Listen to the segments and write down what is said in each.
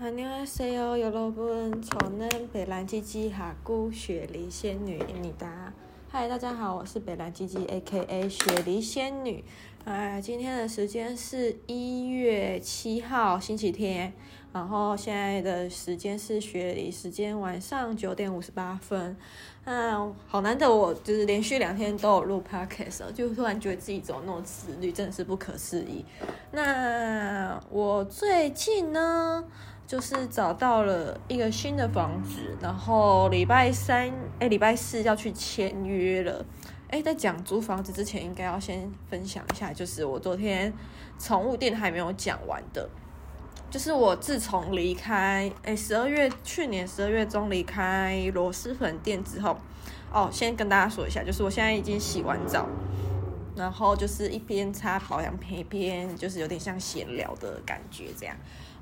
哈尼阿塞歐여러분！從南北蘭吉吉哈姑雪梨仙女妮達，嗨，大家好，我是北蘭吉吉 A K A 雪梨仙女。哎，Hi, 今天的時間是一月七號星期天，然後現在的時間是雪梨時間晚上九點五十八分。嗯、uh，好難得我就是連續兩天都有錄 Podcast，就突然覺得自己有那種自律，真的是不可思議。那我最近呢？就是找到了一個新的房子，然後禮拜三，哎、欸，禮拜四要去簽約了。哎、欸，在講租房子之前，應該要先分享一下，就是我昨天寵物店還沒有講完的，就是我自從離開，哎、欸，十二月去年十二月中離開螺螄粉店之後，哦，先跟大家說一下，就是我現在已經洗完澡，然後就是一邊擦保養品，一邊就是有點像閒聊的感覺這樣。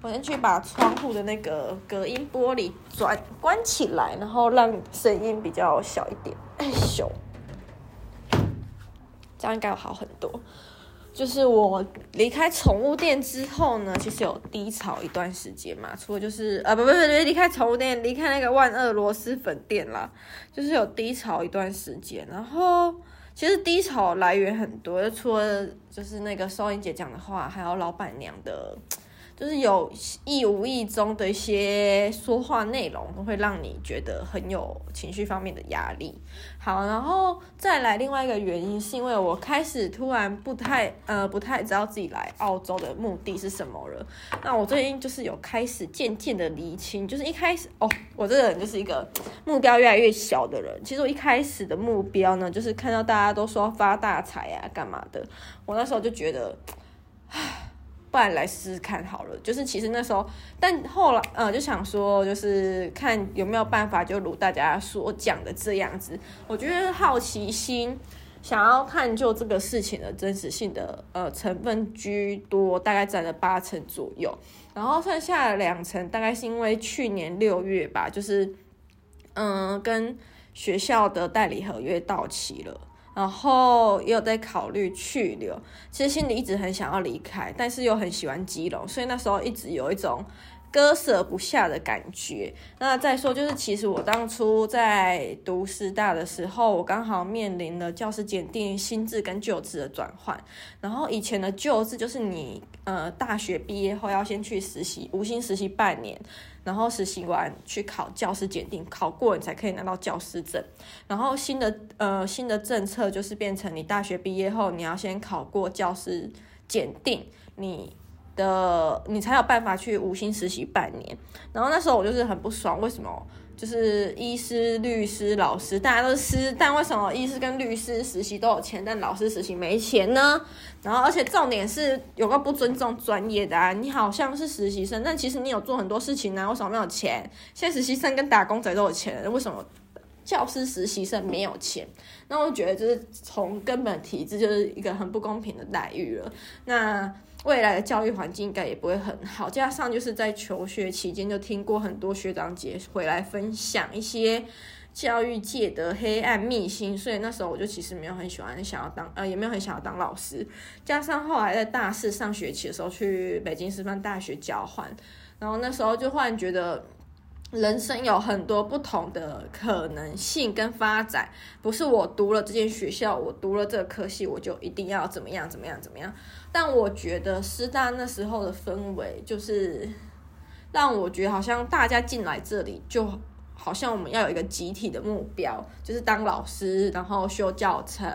我先去把窗戶的那個隔音玻璃轉關起來，然後讓聲音比較小一點。哎呦，這樣應該好很多。就是我離開寵物店之後呢，其實有低潮一段時間嘛。除了就是啊、呃，不不不離開寵物店，離開那個萬惡螺螄粉店啦，就是有低潮一段時間。然後其實低潮來源很多，就除了就是那個收銀姐講的話，還有老闆娘的。就是有意無意中的一些說話內容，都會讓你覺得很有情緒方面的壓力。好，然後再來另外一個原因，是因為我開始突然不太呃不太知道自己來澳洲的目的是什麼了。那我最近就是有開始漸漸的釐清，就是一開始哦，我這個人就是一個目標越來越小的人。其實我一開始的目標呢，就是看到大家都說發大財呀幹嘛的，我那時候就覺得，唉。來來試試看好了，就是其實那時候，但後來，呃，就想說，就是看有沒有辦法，就如大家所講的這樣子。我覺得好奇心想要探究這個事情的真實性的，呃，成分居多，大概佔了八成左右。然後剩下了兩成，大概是因為去年六月吧，就是嗯、呃，跟學校的代理合約到期了。然後也有在考慮去留，其實心裡一直很想要離開，但是又很喜歡基隆，所以那時候一直有一種割捨不下的感覺。那再說，就是其實我當初在讀師大的時候，我剛好面臨了教師檢定新制跟舊制的轉換。然後以前的舊制就是你呃大學畢業後要先去實習，無薪實習半年，然後實習完去考教師檢定，考過你才可以拿到教師證。然後新的呃新的政策就是變成你大學畢業後你要先考過教師檢定，你的你才有辦法去無薪實習半年，然後那時候我就是很不爽，為什麼就是醫師、律師、老師，大家都是師，但為什麼醫師跟律師實習都有錢，但老師實習沒錢呢？然後而且重點是有個不尊重專業的，啊。你好像是實習生，但其實你有做很多事情啊，為什麼沒有錢？現在實習生跟打工仔都有錢，為什麼教師實習生沒有錢？那我覺得就是從根本體制就是一個很不公平的待遇了。那。未來的教育環境應該也不會很好，加上就是在求學期間就聽過很多學長姐回來分享一些教育界的黑暗秘辛，所以那時候我就其實沒有很喜歡想要當呃，也沒有很想要當老師，加上後來在大四上學期的時候去北京師範大學交換，然後那時候就忽然覺得。人生有很多不同的可能性跟發展，不是我讀了這間學校，我讀了這個科系，我就一定要怎麼樣怎麼樣怎麼樣。但我覺得師大那時候的氛圍，就是讓我覺得好像大家進來這裡，就好像我們要有一個集體的目標，就是當老師，然後修教程，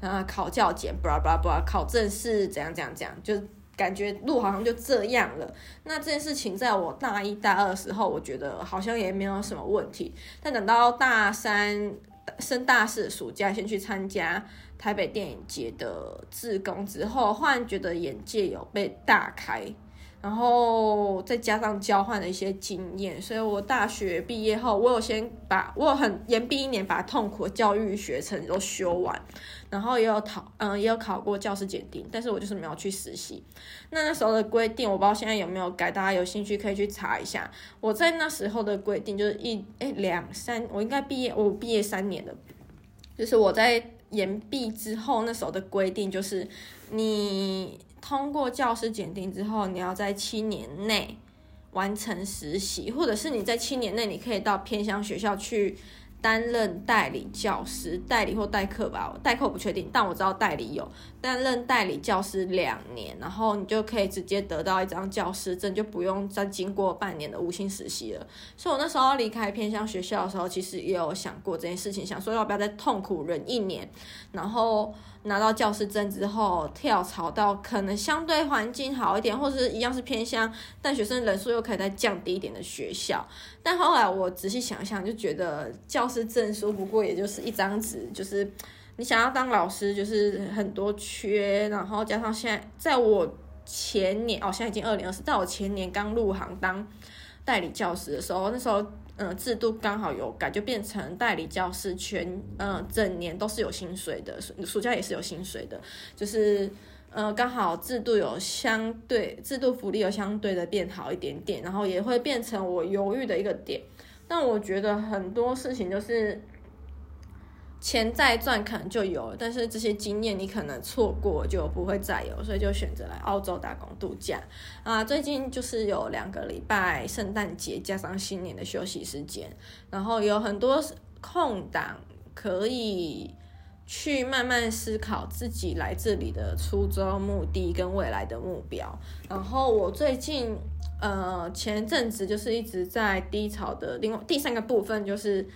然後考教檢，不啦不啦不啦，考正式，怎樣怎樣怎樣，就。感覺路好像就這樣了。那這件事情在我大一大二的時候，我覺得好像也沒有什麼問題。但等到大三升大四暑假，先去參加台北電影節的志工之後，忽然覺得眼界有被大開。然後再加上交換的一些經驗，所以我大學畢業後，我有先把我有很延畢一年，把痛苦教育學程都修完，然後也有考，嗯，也有考過教師檢定，但是我就是沒有去實習。那那時候的規定我不知道現在有沒有改，大家有興趣可以去查一下。我在那時候的規定就是一誒兩三，我應該畢業我畢業三年了，就是我在延畢之後那時候的規定就是你。通過教師檢定之後，你要在七年內完成實習，或者是你在七年內，你可以到偏鄉學校去擔任代理教師、代理或代課吧，我代課不確定，但我知道代理有擔任代理教師兩年，然後你就可以直接得到一張教師證，就不用再經過半年的無薪實習了。所以我那時候離開偏鄉學校的時候，其實也有想過這件事情，想說要不要再痛苦忍一年，然後，拿到教師證之後，跳槽到可能相對環境好一點，或者一樣是偏鄉，但學生人數又可以再降低一點的學校。但後來我仔細想一想，就覺得教師證書不過也就是一張紙，就是你想要當老師，就是很多缺，然後加上現在在我前年哦，現在已經二零二四，在我前年剛入行當代理教師的時候，那時候。嗯，制度剛好有改，就變成代理教師全，呃、嗯，整年都是有薪水的，暑暑假也是有薪水的，就是，呃、嗯，剛好制度有相對，制度福利有相對的變好一點點，然後也會變成我猶豫的一個點，但我覺得很多事情就是。錢再賺可能就有，但是這些經驗你可能錯過就不會再有，所以就選擇來澳洲打工度假啊。最近就是有兩個禮拜，聖誕節加上新年的休息時間，然後有很多空檔可以去慢慢思考自己來這裡的初衷、目的跟未來的目標。然後我最近呃前陣子就是一直在低潮的，另外第三個部分就是。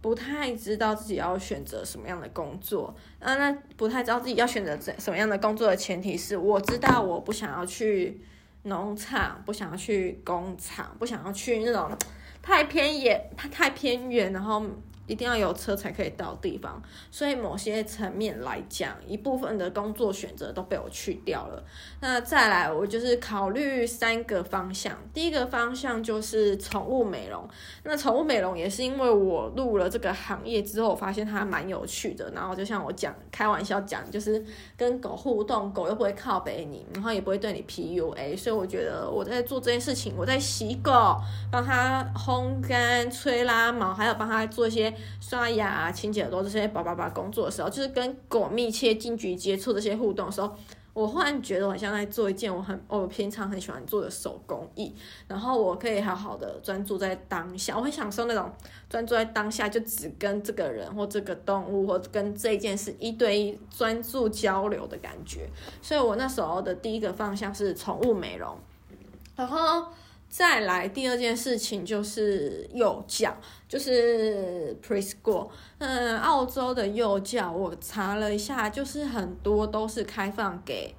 不太知道自己要選擇什麼樣的工作，那、啊、那不太知道自己要選擇怎什麼樣的工作的前提是，我知道我不想要去農場，不想要去工廠，不想要去那種太偏遠、太太偏遠，然後。一定要有車才可以到地方，所以某些層面來講，一部分的工作選擇都被我去掉了。那再來，我就是考慮三個方向。第一個方向就是寵物美容。那寵物美容也是因為我入了這個行業之後，我發現它蠻有趣的。然後就像我講開玩笑講，就是跟狗互動，狗又不會靠北你，然後也不會對你 PUA，所以我覺得我在做這件事情，我在洗狗，幫它烘乾、吹拉毛，還有幫它做一些。刷牙啊，清潔耳朵這些，叭叭叭工作的時候，就是跟狗密切近距離接觸這些互動的時候，我忽然覺得很像在做一件我很我平常很喜歡做的手工藝，然後我可以好好的專注在當下，我很享受那種專注在當下，就只跟這個人或這個動物或跟這件事一對一專注交流的感覺，所以我那時候的第一個方向是寵物美容，然後。再來第二件事情就是幼教，就是 preschool，嗯，澳洲的幼教我查了一下，就是很多都是開放給，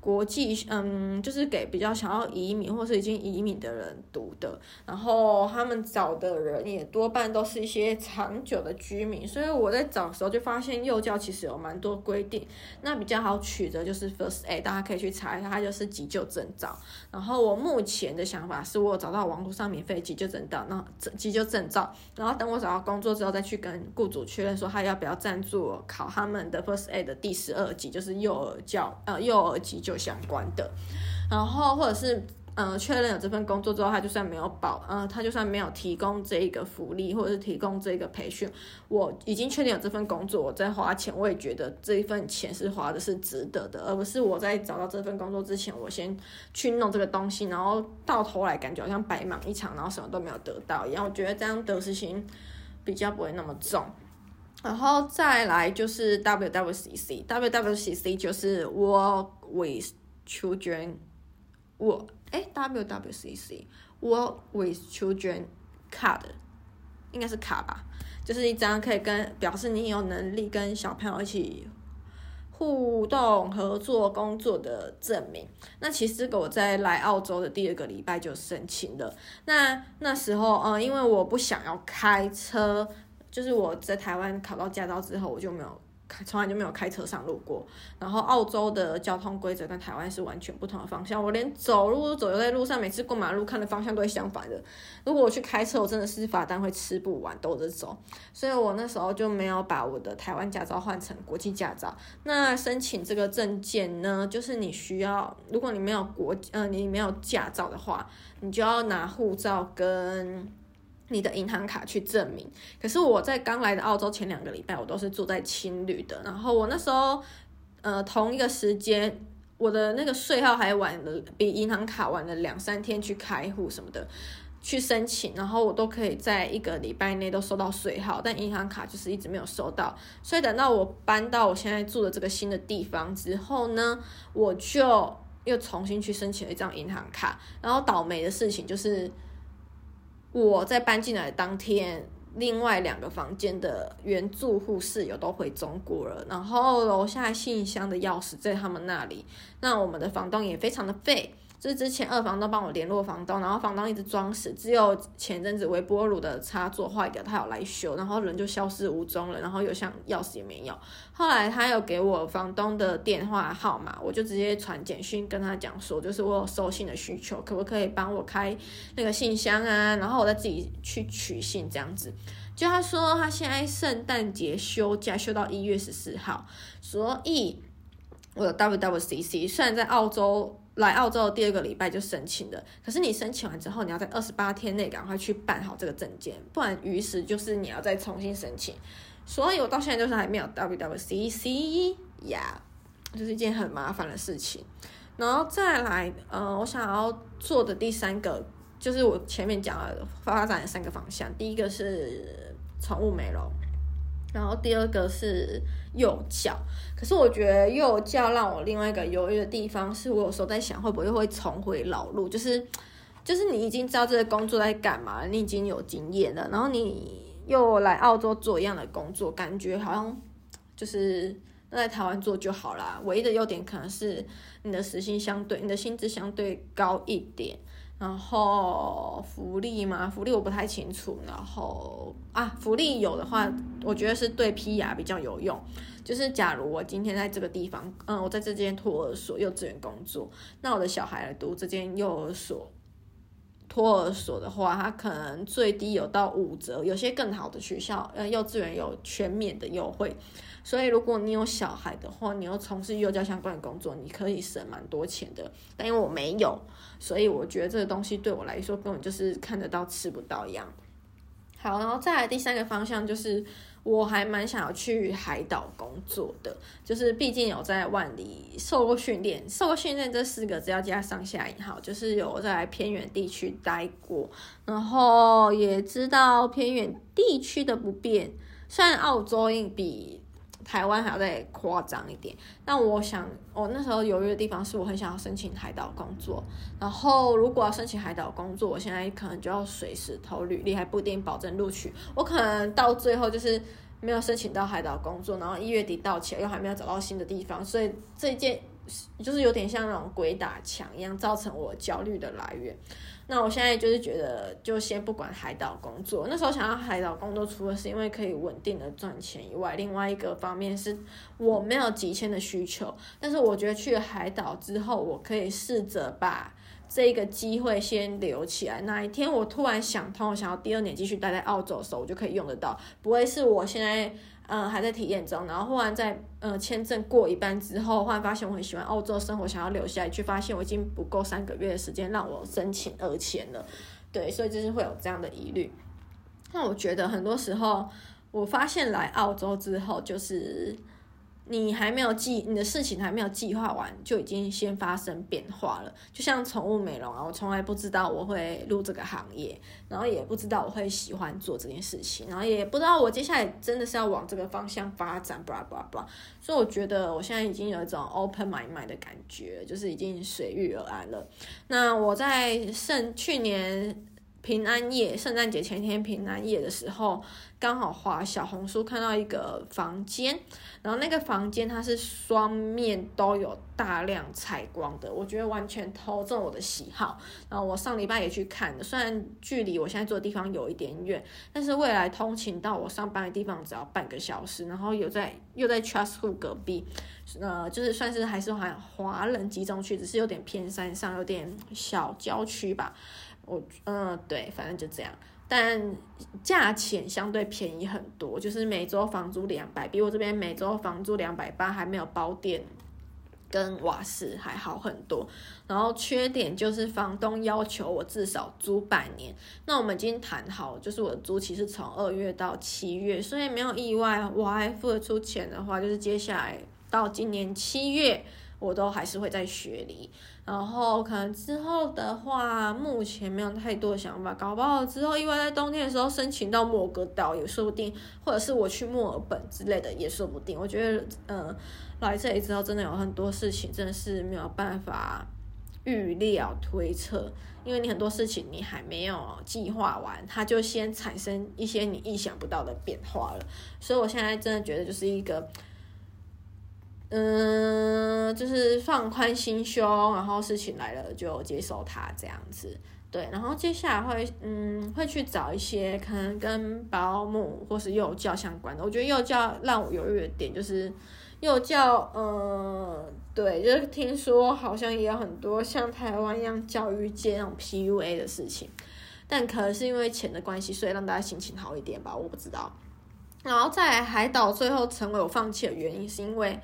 國際嗯，就是給比較想要移民或是已經移民的人讀的，然後他們找的人也多半都是一些長久的居民，所以我在找的時候就發現幼教其實有蠻多規定，那比較好取得就是 First Aid，大家可以去查一下，它就是急救證照。然後我目前的想法是我找到網絡上免費急救證照，那急救證照，然後等我找到工作之後再去跟僱主確認說他要不要贊助我考他們的 First Aid 的第十二級，就是幼兒教呃幼兒急救。有相關的，然後或者是呃，嗯，確認了這份工作之後，他就算沒有保，呃、嗯，他就算沒有提供這一個福利，或者是提供這個培訓，我已經確定了這份工作，我在花錢，我也覺得這一份錢是花的是值得的，而不是我在找到這份工作之前，我先去弄這個東西，然後到頭來感覺好像白忙一場，然後什麼都沒有得到一樣，我覺得這樣得失心比較不會那麼重。然後再來就是 W W C C W W C C 就是 Work with Children，我誒 W W C C Work with Children Card，應該是卡吧，就是一張可以跟表示你有能力跟小朋友一起互動合作工作的證明。那其實這個我在來澳洲的第二個禮拜就申請了。那那時候嗯，因為我不想要開車。就是我在台灣考到駕照之後，我就沒有開，從來就沒有開車上路過。然後澳洲的交通規則跟台灣是完全不同的方向，我連走路走都在路上，每次過馬路看的方向都會相反的。如果我去開車，我真的是罰單會吃不完，兜着走。所以我那時候就沒有把我的台灣駕照換成國際駕照。那申請這個證件呢，就是你需要，如果你沒有國，嗯、呃，你沒有駕照的話，你就要拿護照跟。你的銀行卡去證明，可是我在剛來的澳洲前兩個禮拜，我都是住在青旅的。然後我那時候，呃，同一個時間，我的那個稅號還晚了，比銀行卡晚了兩三天去開戶什麼的，去申請。然後我都可以在一個禮拜內都收到稅號，但銀行卡就是一直沒有收到。所以等到我搬到我現在住的這個新的地方之後呢，我就又重新去申請了一張銀行卡。然後倒霉的事情就是。我在搬進來當天，另外兩個房間的原住戶室友都回中國了，然後樓下信箱的鑰匙在他們那裡，那我們的房東也非常的廢。就是之前二房東幫我聯絡房東，然後房東一直裝死，只有前陣子微波爐的插座壞掉，他有來修，然後人就消失無蹤了，然後又像鑰匙也沒有。後來他有給我房東的電話號碼，我就直接傳簡訊跟他講說，就是我有收信的需求，可不可以幫我開那個信箱啊？然後我再自己去取信這樣子。就他說他現在聖誕節休假，休到一月十四號，所以。我的 WWCC 雖然在澳洲來澳洲的第二個禮拜就申請了，可是你申請完之後，你要在二十八天內趕快去辦好這個證件，不然於是就是你要再重新申請。所以我到現在就是還沒有 WWCC 呀、yeah，就是一件很麻煩的事情。然後再來，呃、嗯，我想要做的第三個就是我前面講的發展的三個方向，第一個是寵物美容。然後第二個是幼教，可是我覺得幼教讓我另外一個猶豫的地方，是我有時候在想，會不會又會重回老路，就是，就是你已經知道這個工作在幹嘛，你已經有經驗了，然後你又來澳洲做一樣的工作，感覺好像就是在台灣做就好啦。唯一的優點可能是你的時薪相對，你的薪資相對高一點。然後福利嘛，福利我不太清楚。然後啊，福利有的話，我覺得是對 PR 比較有用。就是假如我今天在這個地方，嗯，我在這間托兒所、幼稚園工作，那我的小孩來讀這間幼兒所。托兒所的話，它可能最低有到五折，有些更好的學校、幼稚園有全免的優惠。所以如果你有小孩的話，你要從事幼教相關的工作，你可以省蠻多錢的。但因為我沒有，所以我覺得這個東西對我來說，根本就是看得到吃不到一樣。好，然後再來第三個方向就是。我還蠻想要去海島工作的，就是畢竟有在萬里受過訓練，受過訓練這四個字要加上下引號，就是有在偏遠地區待過，然後也知道偏遠地區的不便。雖然澳洲硬幣。台灣還要再誇張一點，但我想，我那時候猶豫的地方是我很想要申請海島工作。然後，如果要申請海島工作，我現在可能就要隨時投履歷，還不一定保證錄取。我可能到最後就是沒有申請到海島工作，然後一月底到期又還沒有找到新的地方，所以這件。就是有點像那種鬼打牆一樣，造成我焦慮的來源。那我現在就是覺得，就先不管海島工作。那時候想要海島工作，除了是因為可以穩定的賺錢以外，另外一個方面是我沒有急遷的需求。但是我覺得去海島之後，我可以試着把這個機會先留起來。哪一天我突然想通，我想要第二年繼續待在澳洲的時候，我就可以用得到。不會是我現在。嗯，還在體驗中，然後忽然在嗯呃、簽證過一半之後，忽然發現我很喜歡澳洲生活，想要留下去，發現我已經不夠三個月的時間讓我申請二簽了，對，所以就是會有這樣的疑慮。那我覺得很多時候，我發現來澳洲之後就是。你還沒有計你的事情還沒有計劃完，就已經先發生變化了。就像寵物美容啊，我從來不知道我會入這個行業，然後也不知道我會喜歡做這件事情，然後也不知道我接下來真的是要往這個方向發展，巴拉巴拉巴拉。所以我覺得我現在已經有一種 open my mind 的感覺，就是已經隨遇而安了。那我在剩去年。平安夜，聖誕節前一天平安夜的時候，剛好滑小紅書看到一個房間，然後那個房間它是雙面都有大量採光的，我覺得完全投中我的喜好。然後我上禮拜也去看的，雖然距離我現在住的地方有一點遠，但是未來通勤到我上班的地方只要半個小時，然後有在又在，在 Trust 區隔壁，呃，就是算是還是說華人集中區，只是有點偏山上，有點小郊區吧。我嗯對，反正就這樣，但價錢相對便宜很多，就是每周房租兩百，比我這邊每周房租兩百八還沒有包電跟瓦斯，還好很多。然後缺點就是房東要求我至少租半年，那我們已經談好，就是我的租期是從二月到七月，所以沒有意外，我還付得出錢的話，就是接下來到今年七月。我都還是會在雪梨，然後可能之後的話，目前沒有太多想法，搞不好之後因為在冬天的時候申請到某個島，也說不定，或者是我去墨爾本之類的也說不定。我覺得，嗯，來這裡之後真的有很多事情真的是沒有辦法預料推測，因為你很多事情你還沒有計劃完，它就先產生一些你意想不到的變化了。所以，我現在真的覺得就是一個。嗯，就是放寬心胸，然後事情來了就接受它這樣子。對，然後接下來會嗯，會去找一些可能跟保姆或是幼教相關的。我覺得幼教讓我猶豫的點就是幼教，嗯，對，就是聽說好像也有很多像台灣一樣教育界那種 PUA 的事情，但可能是因為錢的關係，所以讓大家心情好一點吧，我不知道。然後在海島最後成為我放棄的原因，是因為。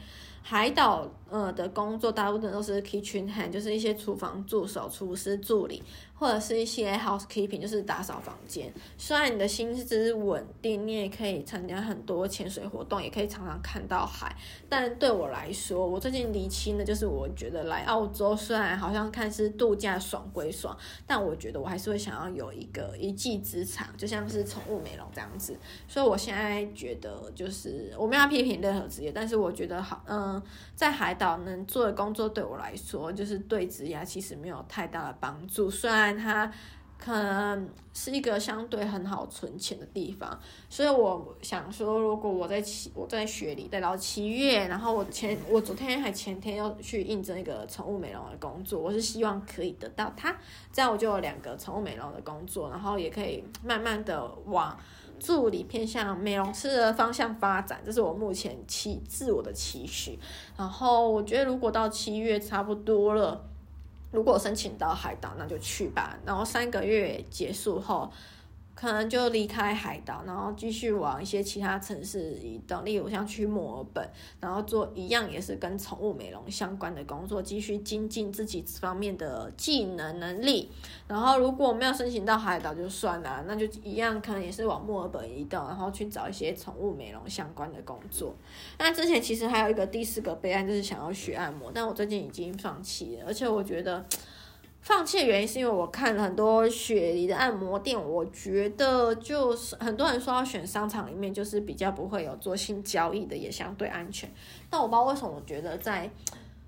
海島呃的工作，大部分都是 kitchen hand，就是一些廚房助手、廚師助理。或者是一些 housekeeping，就是打掃房間雖然你的薪資穩定，你也可以參加很多潛水活動，也可以常常看到海。但對我來說，我最近釐清的就是，我覺得來澳洲雖然好像看似度假爽歸爽，但我覺得我還是會想要有一個一技之長，就像是寵物美容這樣子。所以我現在覺得，就是我沒有要批評任何職業，但是我覺得好，嗯，在海島能做的工作，對我來說，就是對職業其實沒有太大的幫助。雖然但它可能是一個相對很好存錢的地方，所以我想說，如果我在七，我在雪梨待到七月，然後我前，我昨天還前天要去應徵一個寵物美容的工作，我是希望可以得到它，這樣我就有兩個寵物美容的工作，然後也可以慢慢的往助理偏向美容師的方向發展，這是我目前期，自我的期許。然後我覺得如果到七月差不多了。如果申請到海島，那就去吧。然後三個月結束後，可能就離開海島，然後繼續往一些其他城市移動，例如像去墨爾本，然後做一樣也是跟寵物美容相關的工作，繼續精進自己這方面的技能能力。然後如果沒有申請到海島就算了，那就一樣可能也是往墨爾本移動，然後去找一些寵物美容相關的工作。那之前其實還有一個第四個備案，就是想要學按摩，但我最近已經放棄了，而且我覺得。放棄的原因是因為我看了很多雪梨的按摩店，我覺得就是很多人說要選商場裡面，就是比較不會有做性交易的，也相對安全。但我不知道為什麼，我覺得在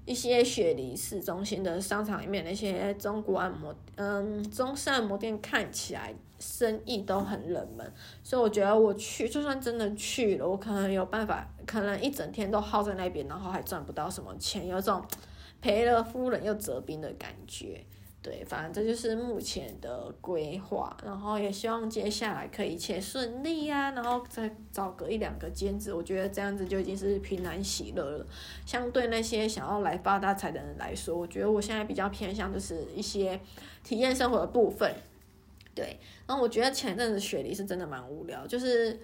一些雪梨市中心的商場裡面，那些中國按摩、嗯，中式按摩店看起來生意都很冷門，所以我覺得我去，就算真的去了，我可能有辦法，可能一整天都耗在那邊，然後還賺不到什麼錢，有種賠了夫人又折兵的感覺。對，反正這就是目前的規劃，然後也希望接下來可以一切順利呀、啊，然後再找個一兩個兼職，我覺得這樣子就已經是平安喜樂了。相對那些想要來發大財的人來說，我覺得我現在比較偏向就是一些體驗生活的部分。對，然後我覺得前陣子雪梨是真的蠻無聊，就是。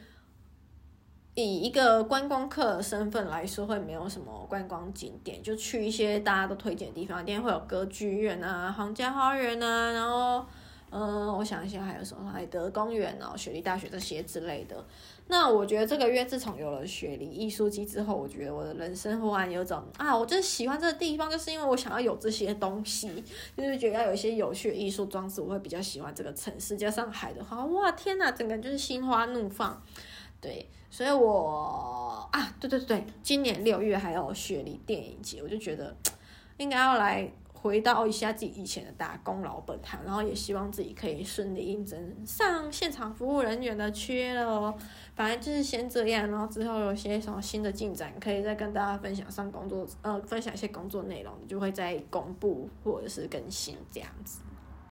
以一個觀光客的身份來說，會沒有什麼觀光景點，就去一些大家都推薦的地方。一定會有歌劇院啊、皇家花園啊，然後，嗯、呃，我想一下還有什麼海德公園啊、雪梨大學這些之類的。那我覺得這個月自從有了雪梨藝術季之後，我覺得我的人生忽然有種啊，我就喜歡這個地方，就是因為我想要有這些東西，就是覺得要有一些有趣的藝術裝置，我會比較喜歡這個城市。加上海的話，哇，天哪，整個就是心花怒放。對，所以我啊，對對對，今年六月還有雪梨電影節，我就覺得應該要來回到一下自己以前的打工老本行，然後也希望自己可以順利應徵上現場服務人員的缺了哦，反正就是先這樣，然後之後有些什麼新的進展，可以再跟大家分享上工作，呃，分享一些工作內容，就會再公布或者是更新這樣子。